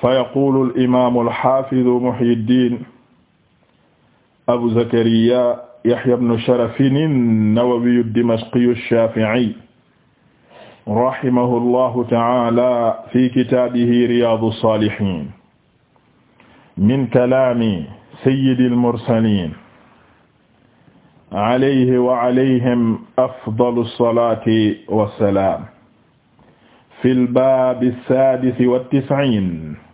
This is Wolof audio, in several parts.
fa yaqulu al-imaamu al-haafidu Muhyiddin Abu Zakariya Yahya ibnu Sharafin an-Nawawi ad-Dimashqi ash-Shaafi'i rahimahu llahu ta'aala fi kitaabihi Riyaadu as-Saalihiin min kalaami sayyidi al-mursaliin alayhi wa alayhim afdalu as-salaati was-salaam fil baabi as-saadisi wat-tis'iin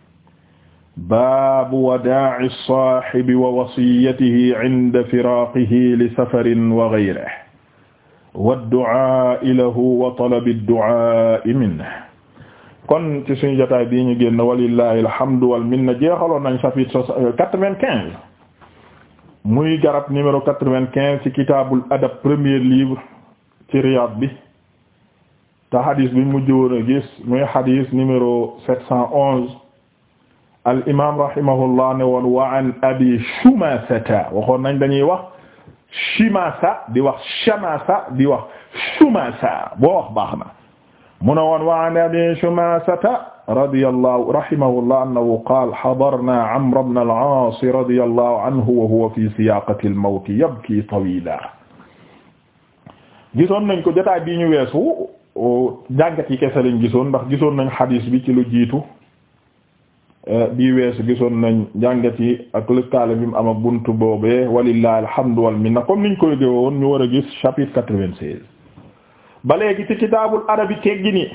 baabu wadaa'i saahibi wa wasiyatihi inda firaaqihi li safarin wa ghayrihi waddu'aa'i lahu wa talabi du'aa'i minhu kon ci suñu jotaay bii ñu génn walillahi alhamdu wal minna jeexaloon nañ chapitre quatre-vingt-quinze muy garab numéro quatre-vingt-quinze ci kitaabul adab premier livre ci Riyad bi te hadis bi mu mujj woon a gis muy hadis numéro sept cent onze al imaam rahimahullah ne woon wa an abi shumasata waxoon nañ dañuy wax shimasa di wax shamasa di wax shumasa boo wax baax na mu ne woon wa an abi shumasata radiyallahu rahimahullah annahu qaala hadarna amr ibn al-aas radiyallahu anhu wa huwa fi siyaqati al-mawt yabki tawila gisoon nañ ko jotaay bi ñu weesu jàngat yi kese lañ gisoon ndax gisoon nañ xadiis bi ci lu jiitu Eh, bii weesu gisoon nañ njàngat yi ak lëkkaale bi mu am ak buntu boobee walillahi alhamdu wal minna comme niñ koy déwoon ñu war a gis chapitre quatre-vingt-seize ba léegi ci kitaabul adabi teggin yi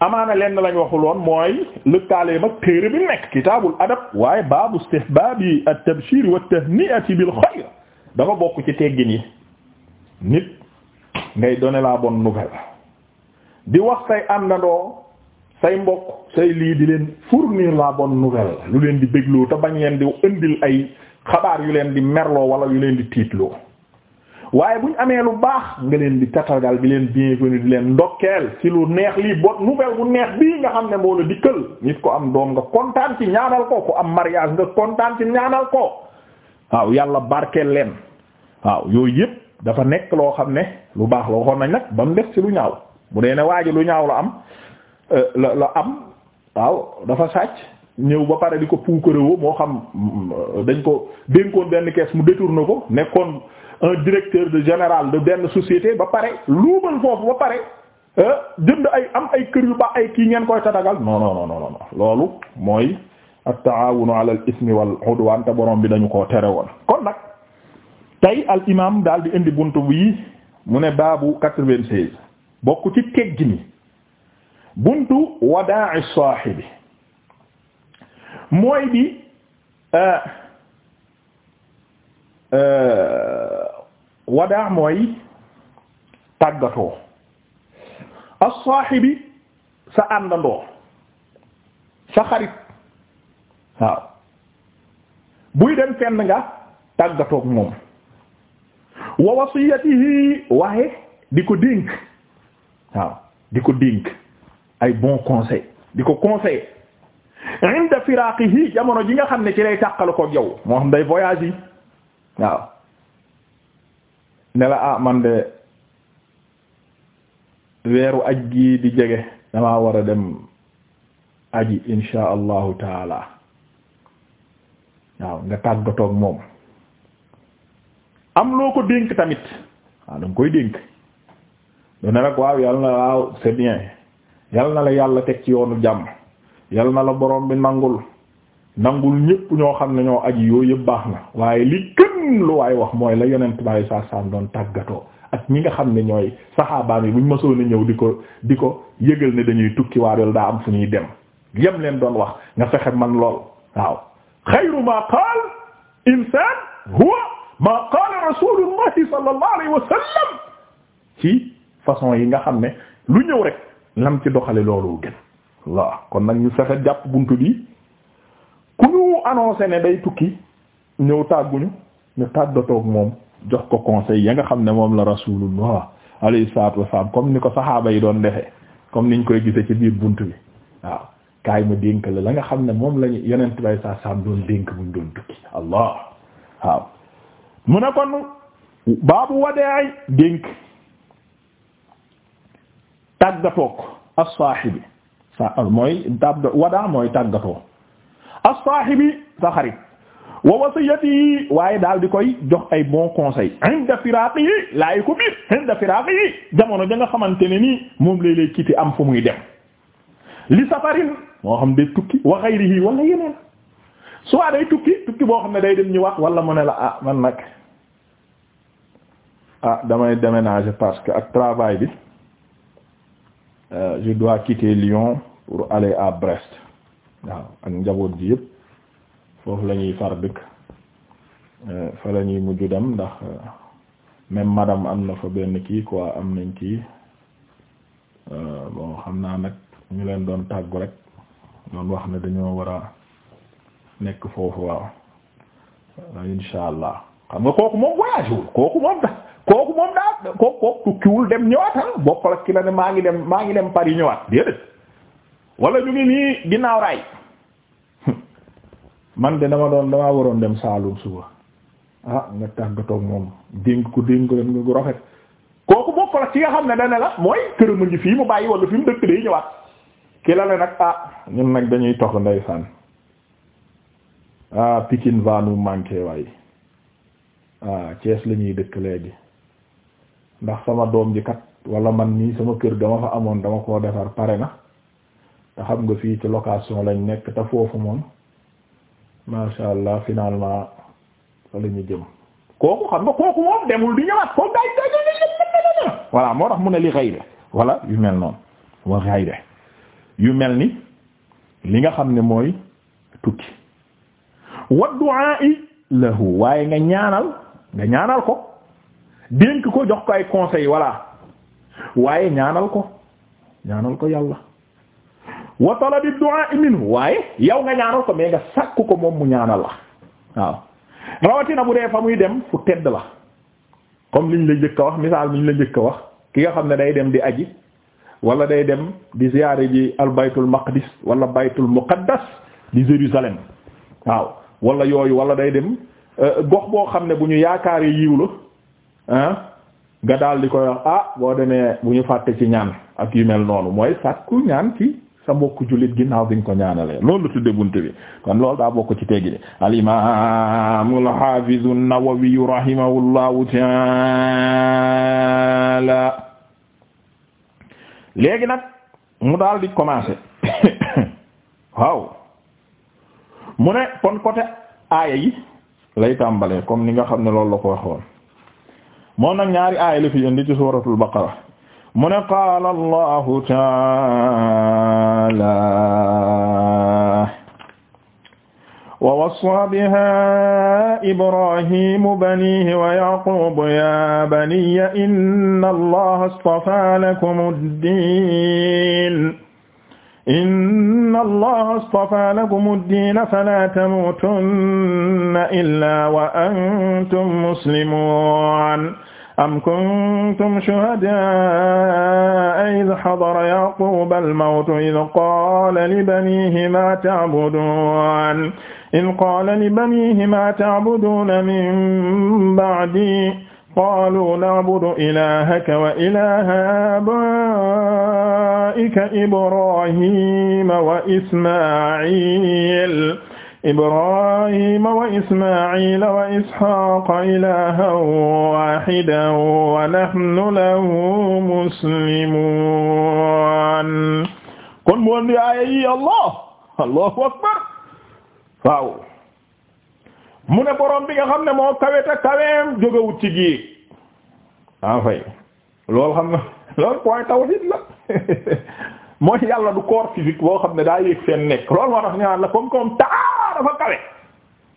amaana lenn lañ waxul woon mooy lëkkaale mag téere bi nekk kitaabul adab waaye baabu yi at-tabshir wa at-tahni'ati bil xayr dafa bokk ci teggin yi nit ngay donner la bonne nouvelle di wax say àndandoo say mbokk say lii di leen fournir la bonne nouvelle lu leen di bégloo te bañ leen di indil ay xabaar yu leen di merloo wala yu leen di tiitloo waaye buñ amee lu baax nga leen di tatagal bi leen bienvenu leen ndokkeel ci lu neex lii bot nouvelle bu neex bii nga xam ne moo la dikkal nit ko am doom nga kontaan ci ñaanal ko ku am mariage nga kontaan ci ñaanal ko waaw yàlla barkeel leen waaw yooyu yëpp dafa nekk loo xam ne lu baax la waxoon nañ nag ba mu def ci lu ñaaw bu dee ne waa lu ñaaw la am Euh, la am waaw dafa sàcc ñëw ba pare di ko puukarewoo moo xam euh, dañ ko dénkoon benn kees mu détourné ko nekkoon un directeur de général de benn société ba pare luubal foofu ba pare euh, jënd ay am ay kër yu baax ay kii ngeen koy tatagal non non non non loolu mooy at-ta'awunu 'ala al-ithmi wal-'udwan te borom bi dañu ko tere woon kon nag tey al imam daal di indi bunt bi mu ne baabu quatre-vingt-seize bokk ci teggini buntu wadaa saahibi mooy di euh, euh, wadaa mooy tàggatoo as-saahibi sa àndandoo sa xarit waaw buy dem fenn nga tàggatoog moom wa wasiyatihi waaye di ko dénk waaw di ko dénk ay bon conseil di ko conseil inda firaaqihi jamono ji nga xam ne ci lay tàqal ko yow moo xam day voyage yi waaw ah, man de weeru aj gi di jege damaa war a dem aji insha allahu taala waaw nga tàggatoog moom am loo ko dénk tamit waaw ah, danga koy dénk du ne waaw yàlla na waaw c'est bien yal na la yàlla teg ci yoonu jàmm yal na la boroom bi nangul nangul ñépp ñoo xam ne ñoo aji yooyu yëpp baax na waaye li gën lu waay wax mooy la yonent bi saa saam doon tàggatoo ak ñi nga xam ne ñooy saxaabaan yi buñ mësoon a ñëw di ko di ko yëgal ne dañuy tukki waaye daa am fu ñuy dem yem leen doon wax nga fexe man lool waaw xayru ma qaal insaan huwa ma qaala rasulullahi sallallahu alayhi ci façon yi nga xam ne lu ñëw rek lam ci doxale loolu gën waaw kon nag ñu fexe jàpp bunt bi ku ñu annoncé ne day tukki ñëw tàgguñu ñu tàggatoog moom jox ko conseil ya nga xam ne moom la rasulullah alayhi salaatu wasalaam comme ni ko saxaaba yi doon defee comme niñ koy gisee ci biir bunt bi waaw kaay ma dénk la la nga xam ne moom lañu yonent bay saa saam doon dénk buñ doon tukki allah waaw mu ne kon baabu wadee ay dénk tàggatoog as-saahibi sa mooy mooy tàggatoo as-saahibi sa xarit wa wasiyati waaye daal di koy jox ay bon conseil inda firaaqi yi laay ko biir jamono ja nga xamante ni nii moom lay lay kiti am fu muy dem li safarin moo xam day tukki wa ghayrihi wala yeneen soit day tukki tukki boo xam ne day dem wax wala mu ne la ah man nag ah damay déménager parce que ak travail bi Euh, je dois quitter Lyon pour aller à Brest waaw ak njaboot ji yëpp foofu lañuy ñuy far dëkk euh, fa la ñuy mujj dem ndax euh, même madame am na fa benn kii quoi am nañ kii bon xam naa nag ñu leen doon tàggu rek doon wax ne dañoo war a nekk foofu waaw insha allah xam nga kooku moom voyage wul kooku kooku moom da ah kook kook tukkiwul dem ñëwaat ah bokkul la ne maa ngi dem maa ngi dem Paris ñëwaat wala ñu ginnaaw raay man de dama doon damaa waroon dem Saalum suba ah nga tàggatoo moom dénk ko dénk leen nga rafet kooku ki nga xam ne dana la mooy këram a ngi fii mu bàyyi wala fi mu dëkk day ñëwaat ki la ne nag ah ñun nag dañuy tox ndeysaan ah Pikine va nous manquer waaye ah, la ñuy dëkk léegi. ndax sama doom ji kat wala man nii sama kër ga amoon dama koo defar pare na te xam nga fii ci location lañ nekk te foofu moom masha allah finalement fa la ñu jëm kooku xam nga kooku moom demul di moo tax mu ne li xëy yu mel noonu yu mel ni li nga xam ne mooy tukki waaye nga ñaanal nga ñaanal ko dénk ko jox ko ay conseil voilà waaye ñaanal ko ñaanal ko yàlla wa talabi du'a minhu waaye yow nga ñaanal ko mais nga sàkku ko moom mu ñaanal la waaw rawatina bu dee fa muy dem fu tedd la comme liñ la njëkk a wax misaal liñ la njëkk a wax ki nga xam ne day dem di aji wala day dem di ziyaare ji al baytul maqdis wala baytul muqaddas di Jérusalem waaw wala yooyu wala day dem euh, gox boo xam ne bu ñu yaakaaree yiw la nga daal di koy wax ah boo demee bu ñu fàtte ci ñaan ak yu mel noonu mooy sàkku ñaan ci sa mbokku jullit ginnaaw bi nga ko ñaanalee loolu la bunt bunte bi kon loolu daa bokk ci teggi de al imaam al haafiz an-Nawawi rahimahullahu léegi nag mu daal di commencer waaw mu ne kon côté aaya yi lay tàmbalee comme ni nga xam ne loolu la ko waxoon moom nag ñaari aaya la fi indi ci suuratul baqara mu ne qaala allahu taala wa wassa biha ibrahimu banihi wa yaqubu ya baniya inna allaha astafa lakum ad-din inna allaha astafaa lakum ad-diina falaa tamuutunna illaa wa antum muslimuun am kuntum shuhadaa'a idh hadara yaquuba al-mawtu idh qaala libaniihi maa ta'buduun idh qaala libaniihi maa ta'buduuna min ba'dii qaalu na'budu ilaahaka wa ilaaha aabaa'ika Ibraahiima wa Ismaa'iil Ibraahiima wa Ismaa'iila wa Ishaaqa ilaahan waahidan wa nahnu lahu muslimuun kon mu woon di aaya yi Allah Allahu akbar waaw mu ne borom bi nga xam ne moo kawe te kaweem jógewut ci géej en fait loolu xam na loolu point tawhid la mooy yàlla du corps physique boo xam ne daa yéeg seen nekk loolu moo tax ñu la comme comme taa dafa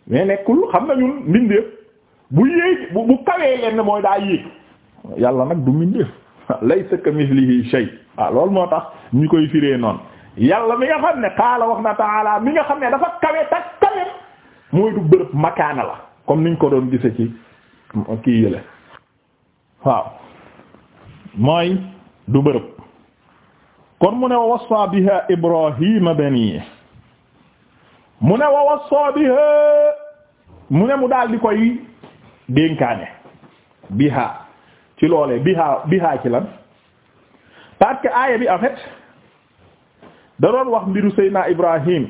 mais nekkul xam na ñun mbindeef bu yéeg bu mooy daa yàlla nag du mbindeef laysa kamislihi shay loolu moo tax ñu koy firee noonu yàlla mi nga xam ne xaala wax na taala mi nga xam ne dafa kawe kaweem mooy du bërëb makaana la comme niñ ko doon gise ci kii yële waaw mooy du bërëb kon mu ne wa wassa biha ibrahima bani mu ne wa wassa biha mu ne mu daal di koy dénkaane biha ci loolee biha biha ci lan parce aaya bi en da doon wax mbiru seyna ibrahim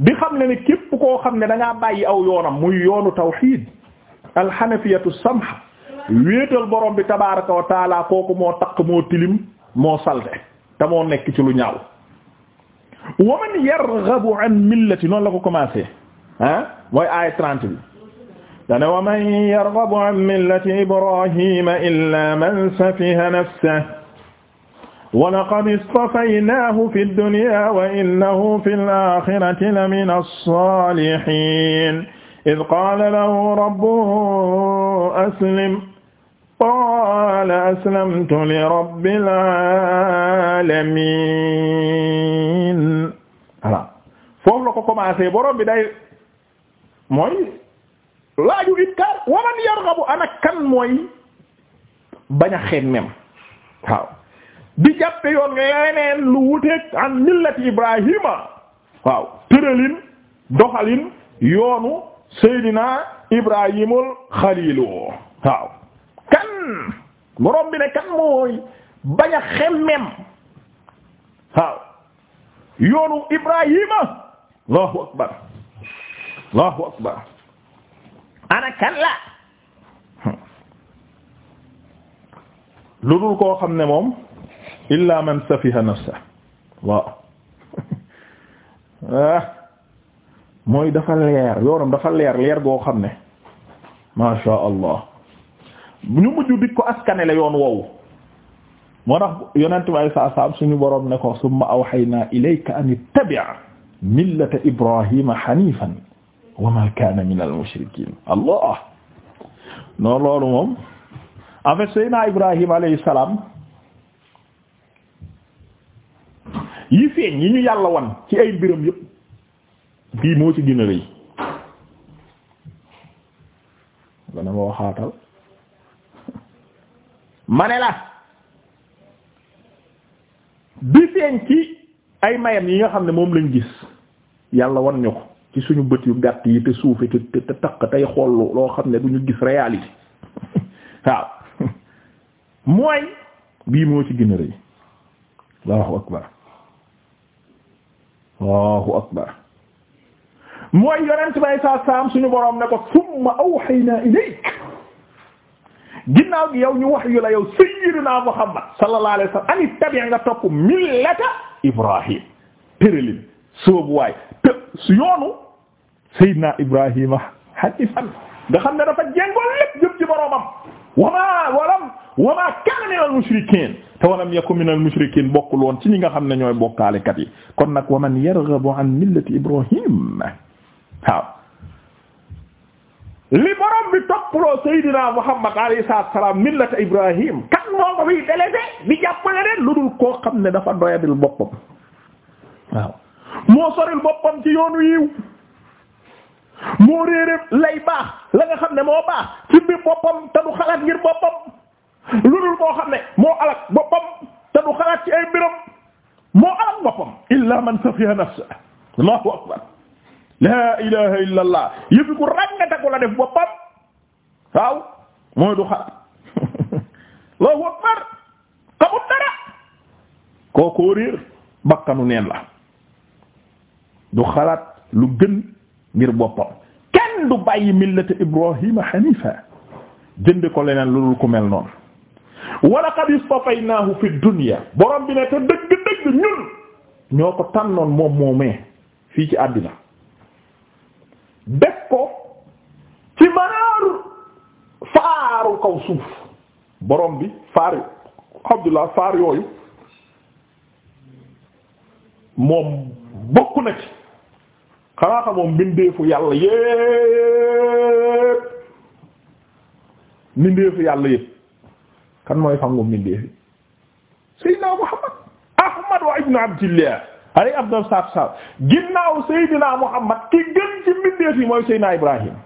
di xam ne ne képp koo xam ne da ngaa bàyyi aw yoonam muy yoonu tawxiid alxanafiyatu samha wéetal borom bi tabaraka wa taala kooku moo taq moo tilim moo salte te moo nekk ci lu ñaaw man yarghabu an millati noonu la ko commencé ah mooy aaya trente bi dane man yarghabu an millati ibrahima illa man safiha nafsahu wa laqad istafaynahu fi dunya wa innahu fi al-akhirati lamina as-salihin id qala lahu rabbuhu aslim qala aslamtu li rabbil alamin voilà foofu la ko commencé borom bi day mooy laaju itkaar waman yarghabu ana kan mooy bañ a xemmem waaw di jàppe yoon nga yeneen lu wuteeg an millati ibrahima waaw tëralin doxalin yoonu seydina ibrahimul xalilu waaw kan borom bi ne kan mooy bañ xemmem waaw yoonu ibrahima allahu akbar allahu akbar ana kan la hmm. lu dul koo xam ne moom illa man safiha nafsa waaw ah mooy dafa leer yoonam dafa leer leer goo xam ne ma sha allah ñu mujj di ko askanele yoon woowu moo tax yonent bi alei saa salaam suñu boroom ne ko summa awhaynaa ilayka an ittabi' millata ibrahima hanifan wa ma kaana min al mushrikiin allah non loolu moom en fait Seydina Ibrahima alayhi salaam yi feeñ yi ñu yàlla wan ci ay mbiram yépp bii moo ci gën a rëy dana ma waxaatal ma ne bi feeñ ci ay mayam yi nga xam ne moom lañ gis yàlla wan ñu ko ci suñu bët yu gàtt yi te suufe te te takk tey xool loo xam ne duñu ñu gis réalité waaw mooy bii moo ci gën a rëy Allahu akbar Allahu akbar mooy yonent bay saa saam suñu boroom ne ko summa awhayna ilayk ginnaaw gi yow ñu wax yu la yow sayyidina Muhammad sallallahu alayhi wasallam ani tabi nga topp millata Ibrahim tëralin soobu waay te su yoonu sayyidina Ibrahima hanifan nga xam ne dafa jéngoon lépp jëm ci boroomam wamaa walam wamaa kaana min al mushrikiin te walam yakun min al bokkul woon ci ñi nga xam ne ñooy bokkaalekat yi kon nag wa man yarghabu an millati Ibrahim waaw li borom bi toppaloo Seydina Muhammad alayhi salaam millata Ibrahim kan moo ko fiy délégué bi jàppale leen lu dul koo xam ne dafa doyadil boppam waaw moo soril boppam ci yoonu yiw moo réere lay baax la nga xam ne moo baax ci biir boppam te du xalaat ngir boppam lu dul moo xam ne moo alak boppam te du xalaat ci ay mbiram moo alak boppam illa man safiha nafsa allahu akbar la ilaha illa allah yëfi ku ràngataku la def boppam waaw mooy du xalaat allahu akbar xamul dara kookoo réer neen la du xalaat lu gën ngir boppam kenn du bàyyi millata ibrahima hanifa jënd ko leneen loolu ku mel noonu wa laqad istafaynaahu fi dunya borom bi ne te dëgg-dëgg ñun ñoo ko tànnoon moom moomee fii ci àddina def ko ci manaaru faaru kaw suuf borom bi faar Abdullah faar yooyu moom bokk na ci xanaa xamoo mbindeefu yàlla yépp mbindeefu yàlla yépp kan mooy sangu mbindeefi Seydina Muhammad Ahmad wa ibnu Abdillah alay abdal saab saab ginnaaw Seydina Muhammad ki gën ci mbindeef yi mooy Seydina Ibrahim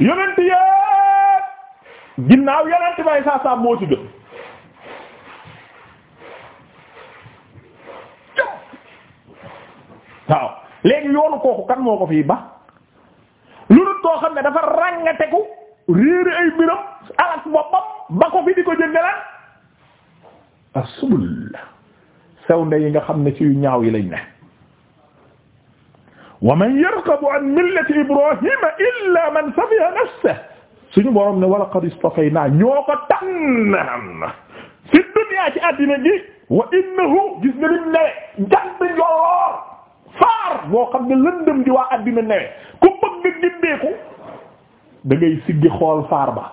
yonent yépp ginnaaw yonent bay saab saab moo ci gën waaw léegi yoonu kooku kan moo ko fii ba lu dul koo xam ne dafa ràngateku réere ay mbiram alak boppam ba ko fi di ko jënde lan asubul sew nde yi nga xam ne ci yu ñaaw yi lañ ne wa man yarqabu an millati ibrahima illa man safiha nafsahu suñu borom ne wa laqad istafayna ñoo ko tànn fi dunya ci àddina gi wa innahu gis nga lim ne jant njoloo boo xam ne lëndëm di waa àddina newee ku bëgg gindeeku da ngay xool faar ba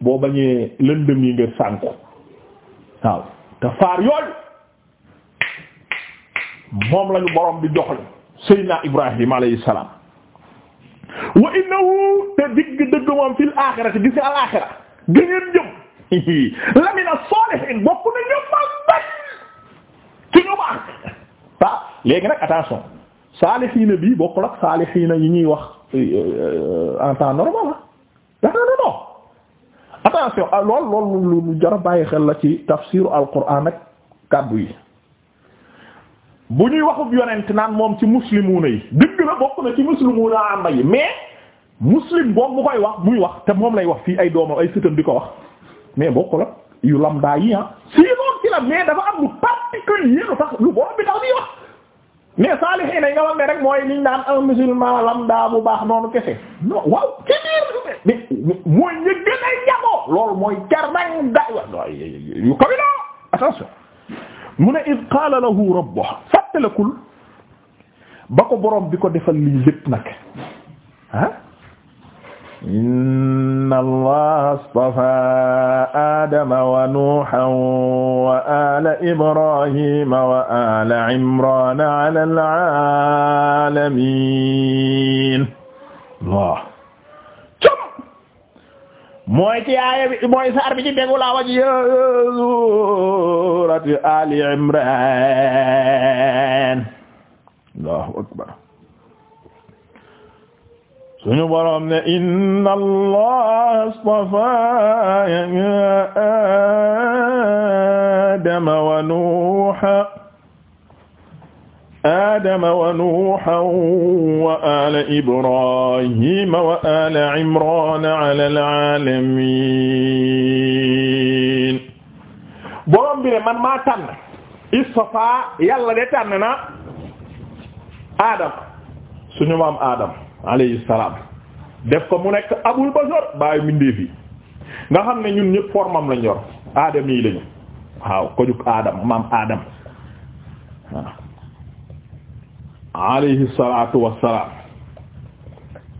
boo bañee lëndëm yi nga sànku waaw te faar yooyu moom lañu borom bi jox la Seydina Ibrahim alayhi salaam wa innahu te digg dëgg moom fil aaxirati gis al aaxira gëneen jëm lamina saalihiin bokk na ñëpp a bari ci ñu baax waaw léegi nag attention saalixiina bii bokkul ak saalixiina yi ñuy wax euh, euh, en temps normal ah non non attention lool ah, lool lu jar bàyyi xel la ci tafsiru alquran ak kàddu yi bu ñuy waxub yonent naan moom ci muslimuuna yi dëgg la bokk na ci muslimuuna àmba yi mais muslim boobu mu koy wax muy wax te moom lay wax fii ay doomam ay sëtam di ko wax mais bokkul ak yu lamdaa yi ah sinon ci la mais dafa am lu particulier lu tax lu borom bi tax di wax. mais saalihiin yi nga wax ne rek mooy liñ naan un musulman bu baax noonu kese non waaw ci biir mooy ñu gën a yaboo loolu mooy garban da yu ko bi doo attention mu ne id qaala lahu rabbuhu fàttalakul ba ko borom bi ko defal lii lépp nag ah inna allaha astafaa aadama wa nuuhan wa ala ibrahima wa ala imrana ala alalamin waaw cop mooy ci aaya bi mooy saar bi ci déggu laa waji suuratu ali imran allahu akbar suñu boroom ne inna allaha astafaa aadama wa nuuha aadama wa nuuha wa ala ibrahima wa ala imrana ala alalamin boroom bi ne man maa tànn istafaa yàlla de tànn na aadama suñu maam aadama alayhi salaam def ko mu nekk abul bashar bàyyi mbindeef yi nga xam ne ñun ñëpp formam lañ yor aadam yi lañu waaw ko jug aadam maam aadam waaw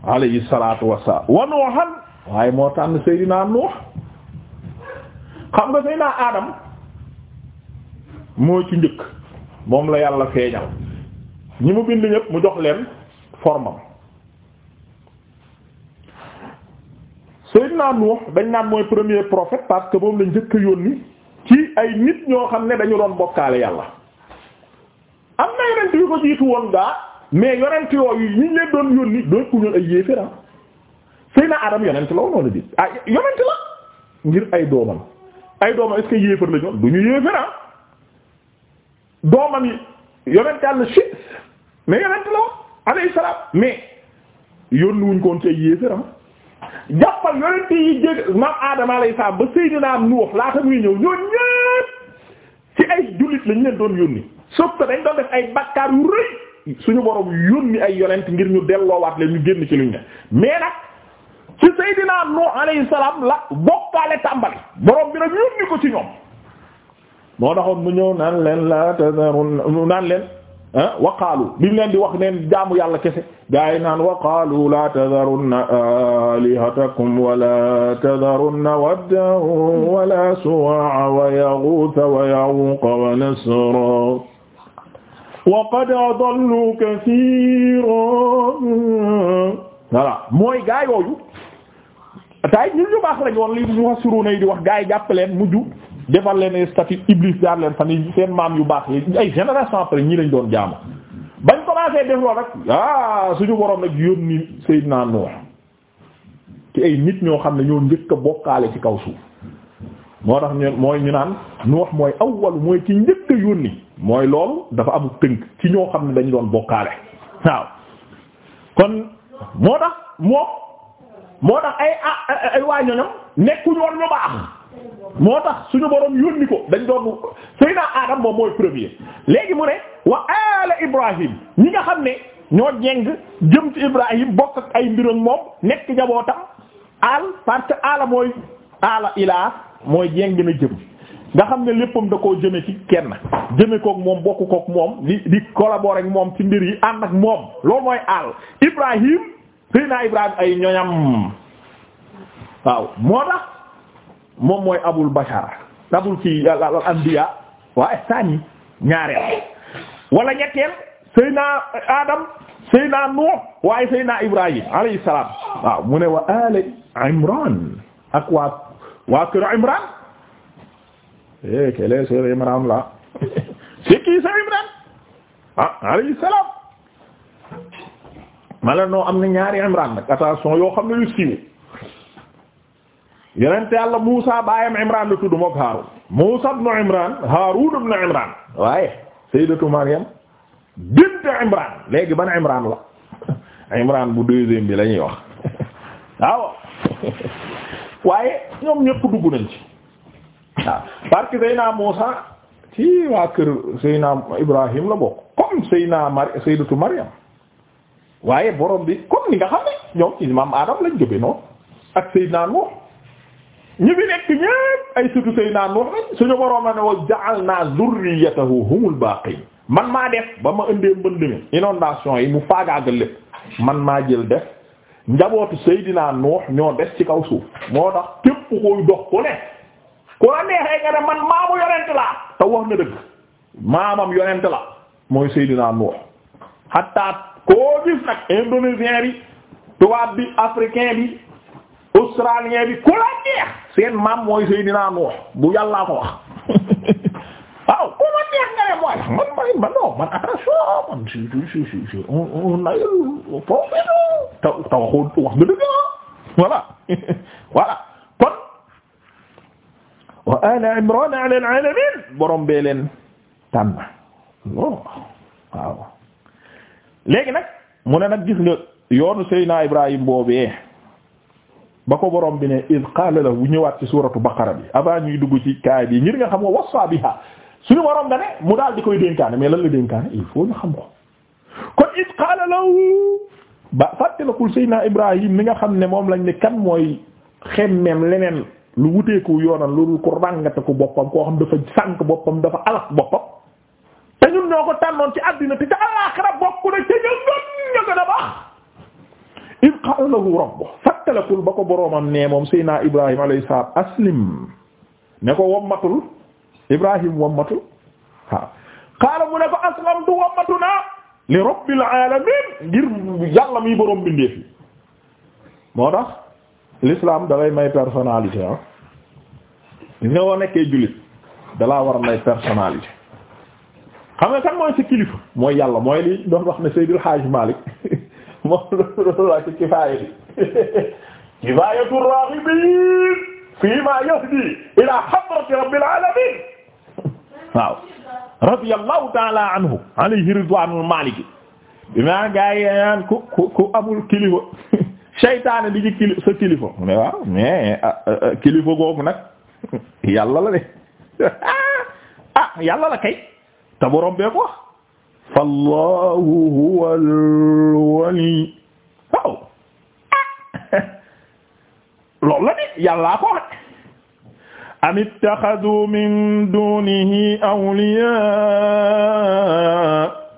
alayhi wassalaam wa nuuhan waaye moo tànn seydinaa nuux xam nga seydinaa aadam moo ci njëkk moom la yàlla feeñal ñi mu bind ñëpp mu jox leen formam Seydina Nuux dañ naan mooy premier prophète parce que moom la njëkk yoon yónni ci ay nit ñoo xam ne dañu doon bokkaale yàlla am na yonent yu ko jiitu woon gaa mais yonent yooyu ñu leen doon yónni doon ku ñoon ay yéeféra ah. Seydina Adam yonent la woon ah, la ngir ay doomam ay doomam est-ce yéefar la ñoon du ñu yéeféra ah. doomam yi yonent yàlla si mais yonent la woon alayhi salaam mais yónni wuñ koon ci ay yéeféra jàppal yonent yi jég maam Adama alayhi salaam ba Seydina Nuux laata muy ñëw ñoo ñëpp ci ay jullit lañ leen doon yónni sauf que dañ doon def ay bakkaar yu rëy suñu borom yónni ay yonent ngir ñu delloowaat leen ñu génn ci luñ ne mais nag ci Seydina Nuux alayhi salaam la bokkaale tàmbali borom bi nag yónni ko ci ñoom moo taxoon mu ñëw naan leen la tazarun naan leen Ah, waqaalu bi mu leen di wax neen jaamu yàlla kese gaa yi naan waqaalu la tadarunna alihatakum wala tadarunna wadda wala suwaa wa yaghutha wa ya'uqa wa nasra wa qad adallu kathiran voilà mooy gaa yooyu tay ñun ñu baax lañ woon li mufassiruna yi di wax gaa yi jàppaleen mujj defal leen statut iblis jaar leen fan yi seen maam yu baax yi ay génération après ñii lañ doon jaamu bañ commencé def loolu rek ah suñu borom nag yónni Seydina Nuux ci ay nit ñoo xam ne ñoo njëkk a bokkaale ci kaw suuf moo tax ñu naan Nuux mooy awwalu mooy ci dafa amul tënk ci ñoo xam ne dañu doon bokkaale waaw kon moo moo tax ay ay waa ñoñom nekkuñu ñu baax moo tax suñu borom yónni ko dañ doon Seydina Adam moom mooy premier léegi mu ne wa ala Ibrahim ñi nga xam ne ñoo jeng jëm ci Ibrahim bokk ak ay mbiram moom nekk jabootam al parce que ala mooy ala ilaa mooy jeng na jëm nga xam ne léppam da ko jëme ci kenn jëme kook moom bokk kook moom di di collaborer ak moom ci mbir yi ànd ak moom loolu mooy al Ibrahim Seydina Ibrahim ay ñoñam waaw moo tax moom mooy abul bashar abul kii al anbiya waa ihsani ñaareel wala ñetteel sayna adam sayna nuux waaye sayna ibrahim alayhi salaam waaw mu ne wa ali ak waa waa kër imran eh kele seen imran la c'est qui sa imran ah alayhi salaam ma noo am na ñaari imran nag attention yoo xam ne yu siiw yonent yàlla Muusa baayam Imran la tudd mook Haarun Muusa ibn Imran Haarun ibn Imran waaye sayyidatu Maryam bint Imran léegi ban Imran la Imran bu deuxième bi lañuy ñuy wax waaye ñoom ñëpp dugg nañ ci waaw parce que Seyna Muusa ci waa kër Seyna Ibrahim la bokk comme Seyna Mar sayyidatu Maryam waaye borom bi comme ni nga xam ne ñoom ci maam Adam lañ jóge noonu ak Seyna Nuh ñu fi nekk ñépp ay sutu Seydina Nuh suñu boroom na ne wa ja'alna zurriyatahu humul baqin man maa def ba ma indee mbënd mi inondation yi mu faagaagal lépp man maa jël def njabootu Seydina Nuh ñoo des ci kaw suuf moo tax képp koy dox ku ne ku la neexee nga ne man maamu yonent la te wax na dëgg maamam yonent la mooy Seydina Nuh hatta koo gis nag indonésien bi tubaab bi africain bi australien bi ku la neex seen maam mooy Seydina Nuux bu yàllaa ko wax waaw ku ma neex nga ne mooy man mooy man non man attention man si si si si on a eu problème te te waxoon wax nga dëgg voilà voilà kon wa ala Imran ala al-alamin borom bee leen tànn non waaw léegi nag mu ne nag gis nga yoonu Seydina Ibrahim boobee ba ko borom bi ne id qaala ñëwaat ci suuratu baqara bi avant ñuy dugg ci kaay bi ngir nga xam nga wasa biha suñu borom da ne mu daal di koy dénkaane mais lan la dénkaane il faut ñu xam ko kon id qaala lahu nga xam ne moom lañ ne kan mooy xemmeem leneen lu wuteeku yoonam loolu ko boppam koo xam dafa sànk boppam dafa alak boppam te ko tànnoon ci àddina te fàttalekul ba ko boroomam nee moom Seydina Ibrahima alayhi salaam aslim ne ko wommatul Ibrahim wommatul waaw qaala ne ko aslamtu wommatu naa li rabbil alamin ngir yàlla muy boroom bindéef yi moo tax l'islam dalay may personnalité ah nga war nekkee jullit dalaa war a may personnalité xam nga kan mooy sa kilifa mooy yàlla mooy li doon wax ne Seydil Hajj Malik moom loolu la ci kifaaya kifayatu raghibin fima yahdi ila hadrati rabbil alamin waaw radiyallahu ta'ala anhu alayhi ridwanul maliki bima gaay yaan ku ku ku amul kilifa seytaane di ci kilifa sa kilifa mu ne waaw mais ah, ah, ah, kilifa googu nag yàlla la de ah yàlla la kay te borom bee ko wax fallahu huwal wali waaw loolu la de yàllaa ko rek am ittaxadu min dunihi awliyaa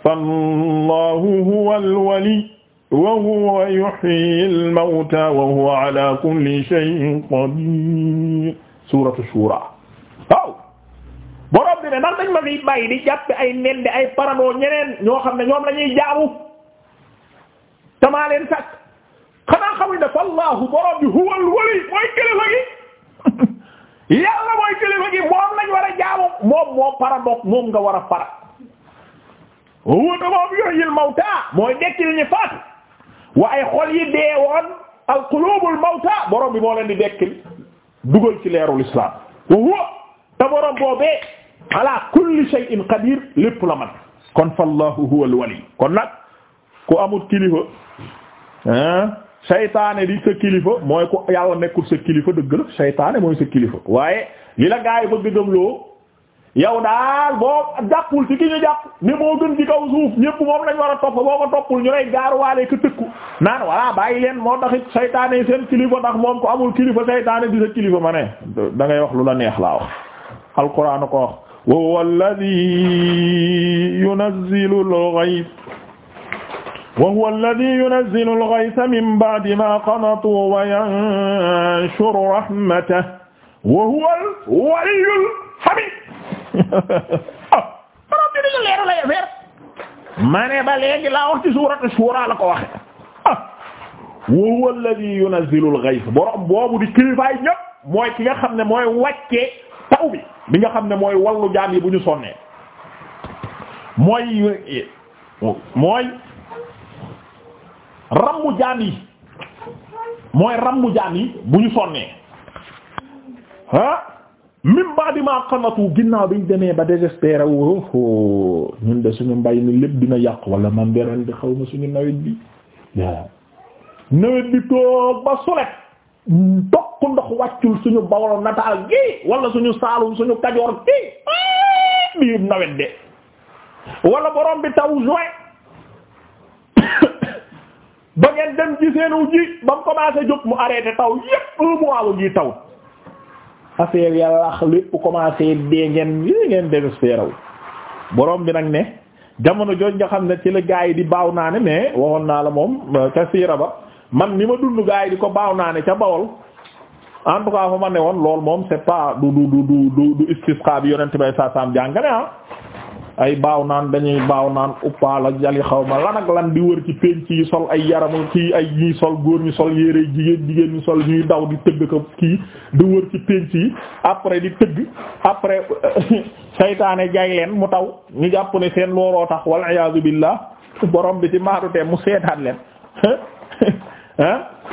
fallahu huwa alwali wa huwa yuhyi almawta wa huwa ala kulli shay'in qadir suratu shura waaw borom bi ne ndax dañ ma fiy bàyyi di jàppe ay nende ay parandoo ñeneen ñoo xam ne ñoom la ñuy jaamu tamaa leen sàkk xanaa xamuñ ne fallaahu kilifa gi yàlla mooy kilifa gi moom lañ war a jaamu moom moo para bokk nga war a para huwa moom yuhyil mawtaa mooy dekkil ñi faatu waaye xol yi al qulubul mawtaa borom bi moo leen di dekkil dugal ci leerul islam wa huwa te borom boobee ala kulli shay'in qadir la man kon fallaahu huwal wali kon nag ku amul kilifa hein saytaane di sa kilifa mooy ko yàlla nekkul sa kilifa dëgg la saytaane mooy sa kilifa waaye li la gaa yi bëgg gëmloo yow daal boo jàppul ci ki ñu jàpp ne moo gën ci kaw suuf ñépp moom lañ war a topp boo ko toppul ñu lay gaaruwaale ka tëkku naan voilà bàyyi leen moo taxit saytaane seen kilifa ndax moom ko amul kilifa saytaane di sa kilifa ma ne da ngay wax lu la neex laa wax alquran ko wax wa huwa alladhi yunazzilu al-ghayth wa huwa alladhi yunazzilu al-ghaytha min ba'di ma qanatu wa yanshuru rahmatahu wa huwa al-waliyyul hamid ma ne ba léegi laa wax ci suuratu Shuura la ko waxe wa huwa alladhi yunazzilu al-ghayth borom boobu di kilifaay ñëpp mooy ki nga xam ne mooy wàccee taw bi bi nga xam ne mooy wallu jaam yi bu ñu sonnee mooy mooy rammu jaan yi mooy rammu jaan yi bu ñu sonnee ah mim badi ma qanatu ginnaaw biñ demee ba désespéré wu ñun de suñu mbay mi lépp dina yàq wala man de ren di xaw ma suñu nawet bi waaw nawet bi toog ba sulet ndokk ndox wàccul suñu bawol nataal gi wala suñu saalum suñu kajoor gi biir nawet de wala borom bi taw juin ba ngeen dem ci seenu ji ba mu commencé jóg mu arrêté taw yépp un mois la ñuy taw affaire yàlla lépp commencé dee ngeen yéen ngeen désespéré borom bi nag ne jamono jooju nga xam ne ci la gaa yi di baaw naa ne mais waxoon naa la moom ca siira ba man ni ma dund gaa di ko baaw naa ne ca Bawol en tout cas fa ma ne woon lool moom c'est pas du du du du du istisqa bi yonent bay saa saam jàngale ah. ay baaw naan dañuy baaw naan uppaala jali xaw ma lan ak lan di wër ci penc yi sol ay yaramu ci ay ñuy sol góor ñi sol yére jigéen jigéen ñu sol ñuy daw di tëgg ko kii di wër ci penc yi après di tëgg après saytaane jaay leen mu taw ñu jàpp ne seen looloo tax wal iyaazu billah boroom bi ci maadu te mu seetaat leen ah